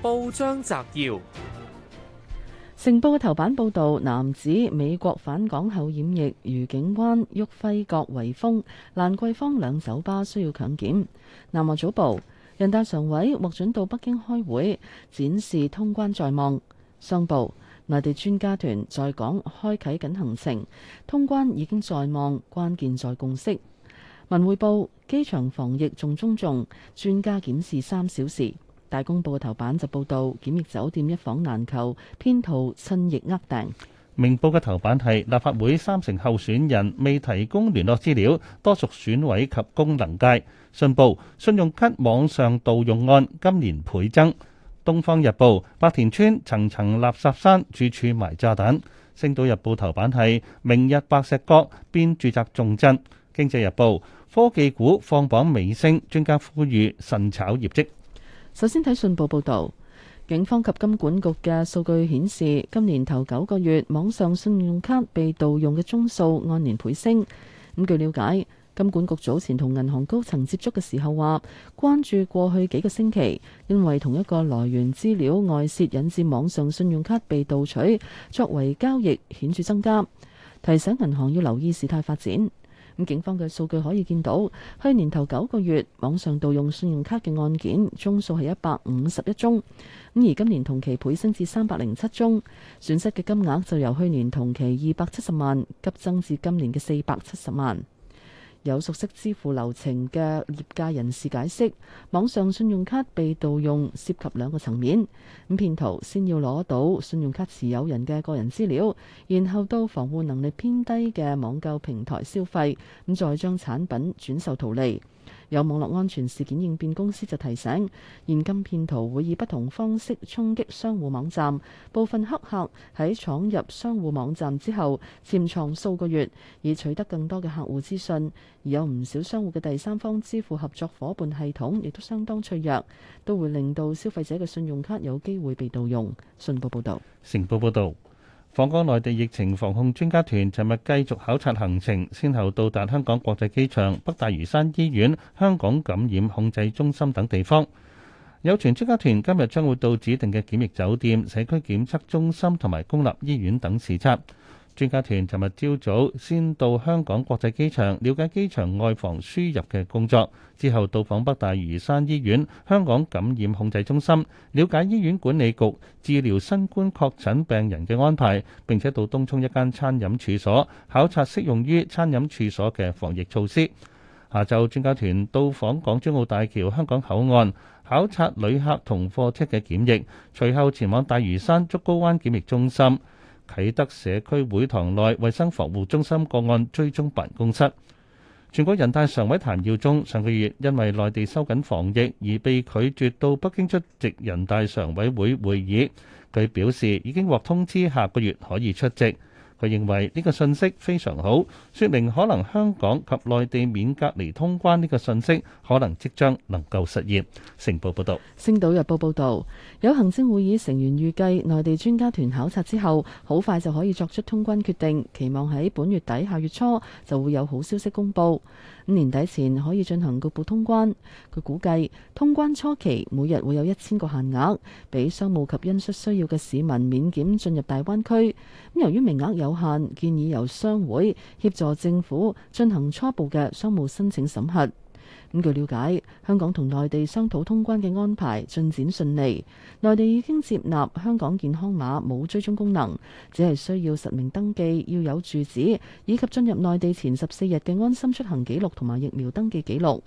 報章摘要：成報嘅頭版報道，男子美國返港後染疫，愉景灣、旭輝閣、維峰、蘭桂坊兩酒吧需要強檢。南華早報：人大常委獲准到北京開會，展示通關在望。商報：內地專家團在港開啟緊行程，通關已經在望，關鍵在共識。文匯報：機場防疫仲中重，專家檢視三小時。大公報嘅頭版就報道檢疫酒店一房難求，編圖趁疫呃訂。明報嘅頭版係立法會三成候選人未提供聯絡資料，多屬選委及功能界。信報信用卡網上盜用案今年倍增。東方日報白田村層層垃圾山，處處埋炸彈。星島日報頭版係明日白石角編住宅重鎮。經濟日報科技股放榜尾聲，專家呼籲慎炒業績。首先睇信報報導，警方及金管局嘅數據顯示，今年頭九個月網上信用卡被盜用嘅宗數按年倍升。咁、嗯、據了解，金管局早前同銀行高層接觸嘅時候話，關注過去幾個星期，因為同一個來源資料外泄，引致網上信用卡被盜取作為交易顯著增加，提醒銀行要留意事態發展。咁警方嘅數據可以見到，去年頭九個月網上盜用信用卡嘅案件宗數係一百五十一宗，咁而今年同期倍升至三百零七宗，損失嘅金額就由去年同期二百七十萬急增至今年嘅四百七十萬。有熟悉支付流程嘅業界人士解釋，網上信用卡被盜用涉及兩個層面。咁騙徒先要攞到信用卡持有人嘅個人資料，然後到防護能力偏低嘅網購平台消費，咁再將產品轉售圖利。有網絡安全事件應變公司就提醒，現今騙徒會以不同方式衝擊商戶網站。部分黑客喺闖入商戶網站之後，潛藏數個月，以取得更多嘅客戶資訊。而有唔少商戶嘅第三方支付合作伙伴系統亦都相當脆弱，都會令到消費者嘅信用卡有機會被盜用。信報報導，成報報導。訪港內地疫情防控專家團尋日繼續考察行程，先後到達香港國際機場、北大嶼山醫院、香港感染控制中心等地方。有傳專家團今日將會到指定嘅檢疫酒店、社區檢測中心同埋公立醫院等視察。專家團尋日朝早先到香港國際機場了解機場外防輸入嘅工作，之後到訪北大嶼山醫院、香港感染控制中心，了解醫院管理局治療新冠確診病人嘅安排，並且到東涌一間餐飲處所考察適用於餐飲處所嘅防疫措施。下晝專家團到訪港珠澳大橋香港口岸，考察旅客同貨車嘅檢疫，隨後前往大嶼山竹篙灣檢疫中心。啟德社區會堂內衛生防護中心個案追蹤辦公室，全國人大常委譚耀宗上個月因為內地收緊防疫而被拒絕到北京出席人大常委會會議，佢表示已經獲通知下個月可以出席。佢認為呢個信息非常好，説明可能香港及內地免隔離通關呢個信息可能即將能夠實現。成報報導，《星島日報》報道，有行政會議成員預計內地專家團考察之後，好快就可以作出通關決定，期望喺本月底下月初就會有好消息公布。五年底前可以進行局部通關。佢估計通關初期每日會有一千個限額，俾商務及因需需要嘅市民免檢進入大灣區。由於名額有限，建議由商會協助政府進行初步嘅商務申請審核。咁據了解，香港同內地商討通關嘅安排進展順利，內地已經接納香港健康碼冇追蹤功能，只係需要實名登記，要有住址以及進入內地前十四日嘅安心出行記錄同埋疫苗登記記錄。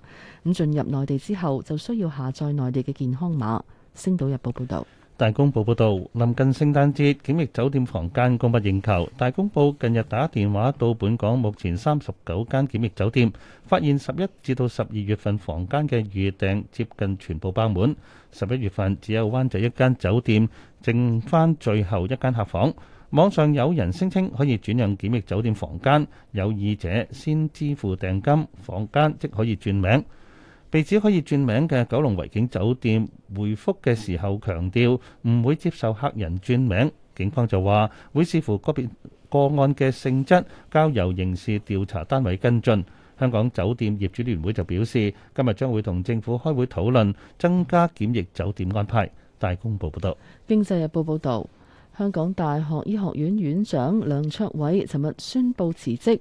咁進入內地之後就需要下載內地嘅健康碼。星島日報報導。大公報報導，臨近聖誕節，檢疫酒店房間供不應求。大公報近日打電話到本港目前三十九間檢疫酒店，發現十一至到十二月份房間嘅預訂接近全部爆滿。十一月份只有灣仔一間酒店剩返最後一間客房。網上有人聲稱可以轉讓檢疫酒店房間，有意者先支付訂金，房間即可以轉名。被指可以轉名嘅九龍維景酒店回覆嘅時候強調唔會接受客人轉名，警方就話會視乎個別個案嘅性質，交由刑事調查單位跟進。香港酒店業主聯會就表示，今日將會同政府開會討論增加檢疫酒店安排。大公報報道，《經濟日報》報道，香港大學醫學院院長梁卓偉尋日宣布辭職。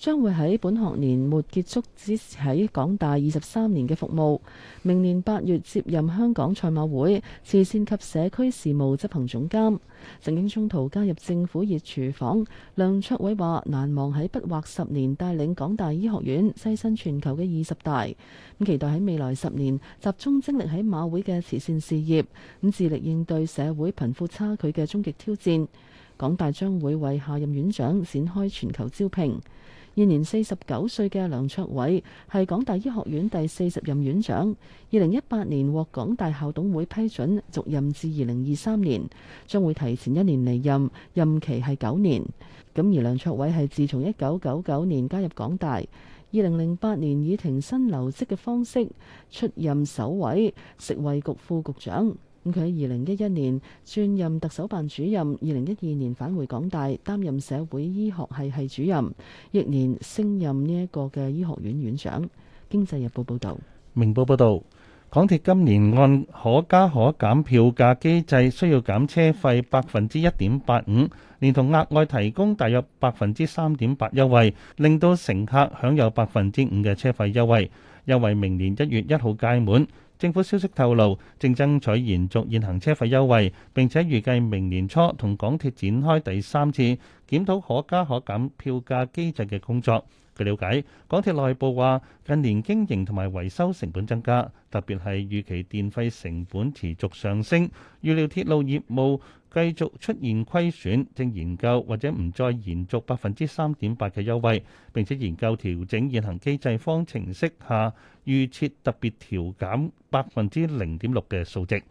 將會喺本學年末結束之喺港大二十三年嘅服務，明年八月接任香港賽馬會慈善及社區事務執行總監。曾經中途加入政府熱廚房，梁卓偉話：難忘喺不惑十年帶領港大醫學院躋身全球嘅二十大，咁期待喺未來十年集中精力喺馬會嘅慈善事業，咁致力應對社會貧富差距嘅終極挑戰。港大將會為下任院長展開全球招聘。現年四十九歲嘅梁卓偉係港大醫學院第四十任院長，二零一八年獲港大校董會批准續任至二零二三年，將會提前一年離任，任期係九年。咁而梁卓偉係自從一九九九年加入港大，二零零八年以停薪留職嘅方式出任首位食衞局副，副局長。咁佢喺二零一一年轉任特首辦主任，二零一二年返回港大擔任社會醫學系系主任，翌年升任呢一個嘅醫學院院長。經濟日報報導，明報報導，港鐵今年按可加可減票價機制，需要減車費百分之一點八五，連同額外提供大約百分之三點八優惠，令到乘客享有百分之五嘅車費優惠，優惠明年一月一號屆滿。政府消息透露，正爭取延續現行車費優惠，並且預計明年初同港鐵展開第三次檢討可加可減票價機制嘅工作。據了解，港鐵內部話近年經營同埋維修成本增加，特別係預期電費成本持續上升，預料鐵路業務，繼續出現虧損，正研究或者唔再延續百分之三點八嘅優惠，並且研究調整現行機制方程式下，預設特別調減百分之零點六嘅數值。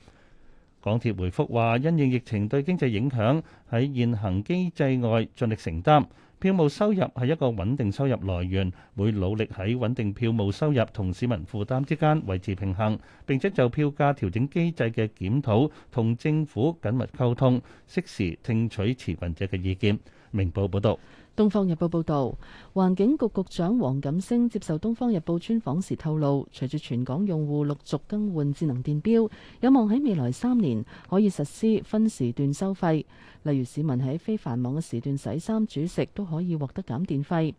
港鐵回覆話，因應疫情對經濟影響，喺現行機制外盡力承擔。票務收入係一個穩定收入來源，會努力喺穩定票務收入同市民負擔之間維持平衡，並且就票價調整機制嘅檢討同政府緊密溝通，適時聽取持份者嘅意見。明報報道。《東方日報》報道，環境局局長黃錦星接受《東方日報》專訪時透露，隨住全港用戶陸續更換智能電表，有望喺未來三年可以實施分時段收費。例如市民喺非繁忙嘅時段洗衫煮食都可以獲得減電費。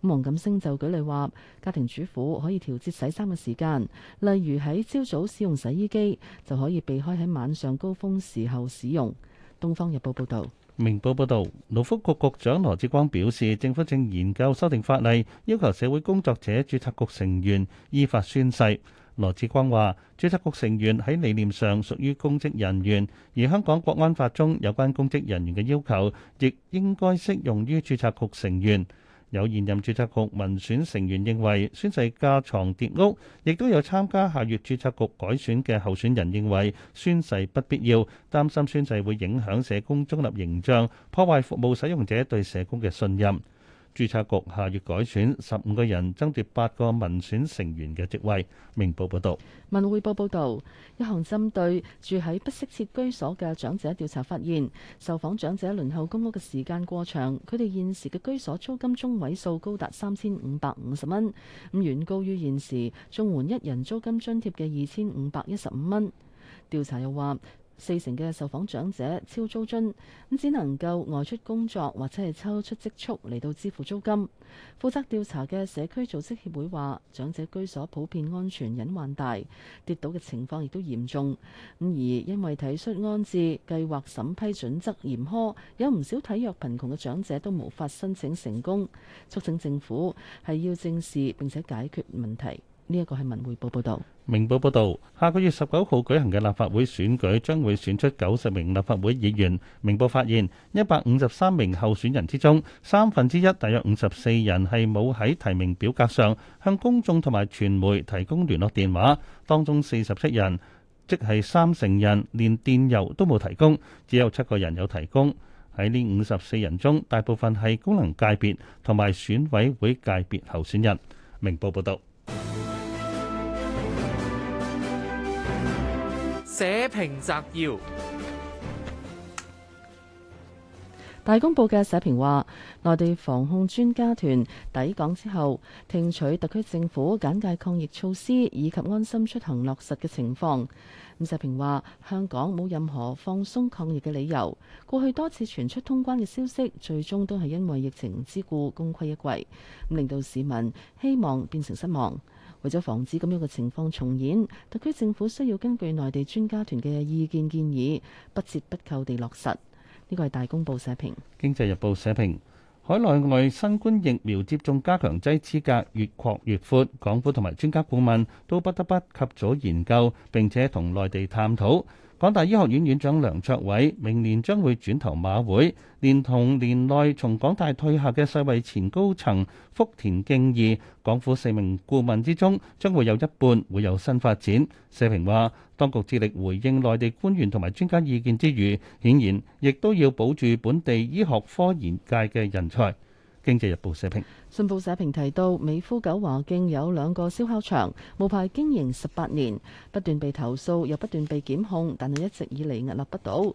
咁黃錦星就舉例話，家庭主婦可以調節洗衫嘅時間，例如喺朝早使用洗衣機就可以避開喺晚上高峰時候使用。《東方日報》報道。明報報導，勞福局局長羅志光表示，政府正研究修訂法例，要求社會工作者註冊局成員依法宣誓。羅志光話：註冊局成員喺理念上屬於公職人員，而香港國安法中有關公職人員嘅要求，亦應該適用於註冊局成員。有現任註冊局民選成員認為宣誓架床疊屋，亦都有參加下月註冊局改選嘅候選人認為宣誓不必要，擔心宣誓會影響社工中立形象，破壞服務使用者對社工嘅信任。註冊局下月改選十五個人，爭奪八個民選成員嘅職位。明報報道，文匯報報道，一項針對住喺不適切居所嘅長者調查發現，受訪長者輪候公屋嘅時間過長，佢哋現時嘅居所租金中位數高達三千五百五十蚊，咁遠高於現時綜援一人租金津貼嘅二千五百一十五蚊。調查又話，四成嘅受訪長者超租津，只能夠外出工作或者係抽出積蓄嚟到支付租金。負責調查嘅社區組織協會話，長者居所普遍安全隱患大，跌倒嘅情況亦都嚴重。咁而因為體恤安置計劃審批準則嚴苛，有唔少體弱貧窮嘅長者都無法申請成功。促請政府係要正視並且解決問題。呢一個係文匯報報導。明報報道，下個月十九號舉行嘅立法會選舉將會選出九十名立法會議員。明報發現，一百五十三名候選人之中，三分之一，大約五十四人，係冇喺提名表格上向公眾同埋傳媒提供聯絡電話。當中四十七人，即係三成人，連電郵都冇提供，只有七個人有提供。喺呢五十四人中，大部分係功能界別同埋選委會界別候選人。明報報道。社評摘要：大公報嘅社評話，內地防控專家團抵港之後，聽取特區政府簡介抗疫措施以及安心出行落實嘅情況。咁社評話，香港冇任何放鬆抗疫嘅理由。過去多次傳出通關嘅消息，最終都係因為疫情之故，功虧一簣，令到市民希望變成失望。為咗防止咁樣嘅情況重演，特區政府需要根據內地專家團嘅意見建議，不折不扣地落實。呢個係《大公報》社評，《經濟日報》社評，海內外新冠疫苗接種加強劑資格越擴越闊，港府同埋專家顧問都不得不及早研究，並且同內地探討。港大醫學院院長梁卓偉明年將會轉投馬會，連同年內從港大退下嘅世衛前高層福田敬二，港府四名顧問之中，將會有一半會有新發展。社評話，當局致力回應內地官員同埋專家意見之餘，顯然亦都要保住本地醫學科研界嘅人才。《經濟日報》社評，信報社評提到，美孚九華徑有兩個燒烤場，無牌經營十八年，不斷被投訴，又不斷被檢控，但係一直以嚟屹立不倒。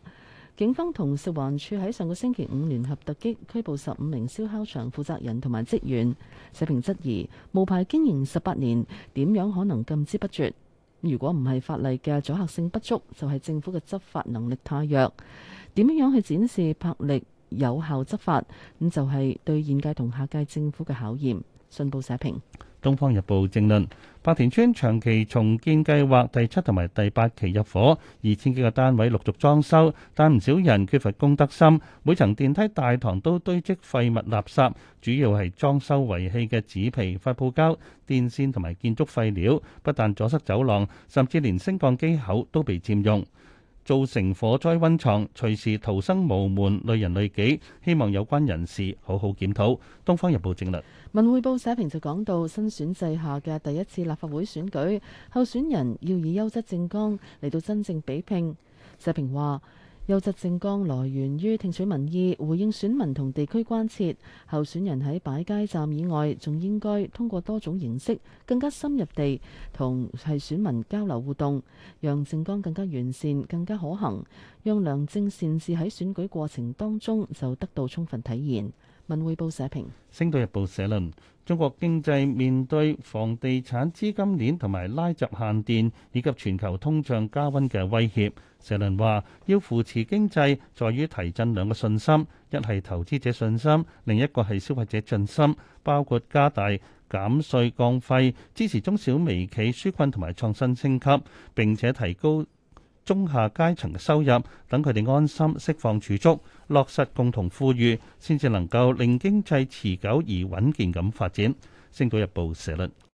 警方同食環處喺上個星期五聯合突擊拘捕十五名燒烤場負責人同埋職員。社評質疑，無牌經營十八年，點樣可能禁之不絕？如果唔係法例嘅阻嚇性不足，就係政府嘅執法能力太弱。點樣去展示魄力？有效執法，咁就係對現屆同下屆政府嘅考驗。信報社評，《東方日報》正論：白田村長期重建計劃第七同埋第八期入伙，二千幾個單位陸續裝修，但唔少人缺乏公德心，每層電梯大堂都堆積廢物垃圾，主要係裝修遺棄嘅紙皮、發泡膠、電線同埋建築廢料，不但阻塞走廊，甚至連升降機口都被佔用。造成火災溫床，隨時逃生無門，累人累己。希望有關人士好好檢討。《東方日報》正論。《文匯報》社評就講到新選制下嘅第一次立法會選舉，候選人要以優質政綱嚟到真正比拼。社評話。優質政綱來源於聽取民意，回應選民同地區關切。候選人喺擺街站以外，仲應該通過多種形式，更加深入地同係選民交流互動，讓政綱更加完善、更加可行，讓良政善治喺選舉過程當中就得到充分體現。文匯報社評。《星島日報》社論。中國經濟面對房地產資金鏈同埋拉閘限電，以及全球通脹加溫嘅威脅。石倫話：要扶持經濟，在於提振兩個信心，一係投資者信心，另一個係消費者信心。包括加大減稅降費，支持中小微企紓困同埋創新升級，並且提高中下階層嘅收入，等佢哋安心釋放儲蓄。落實共同富裕，先至能夠令經濟持久而穩健咁發展。星島日報社論。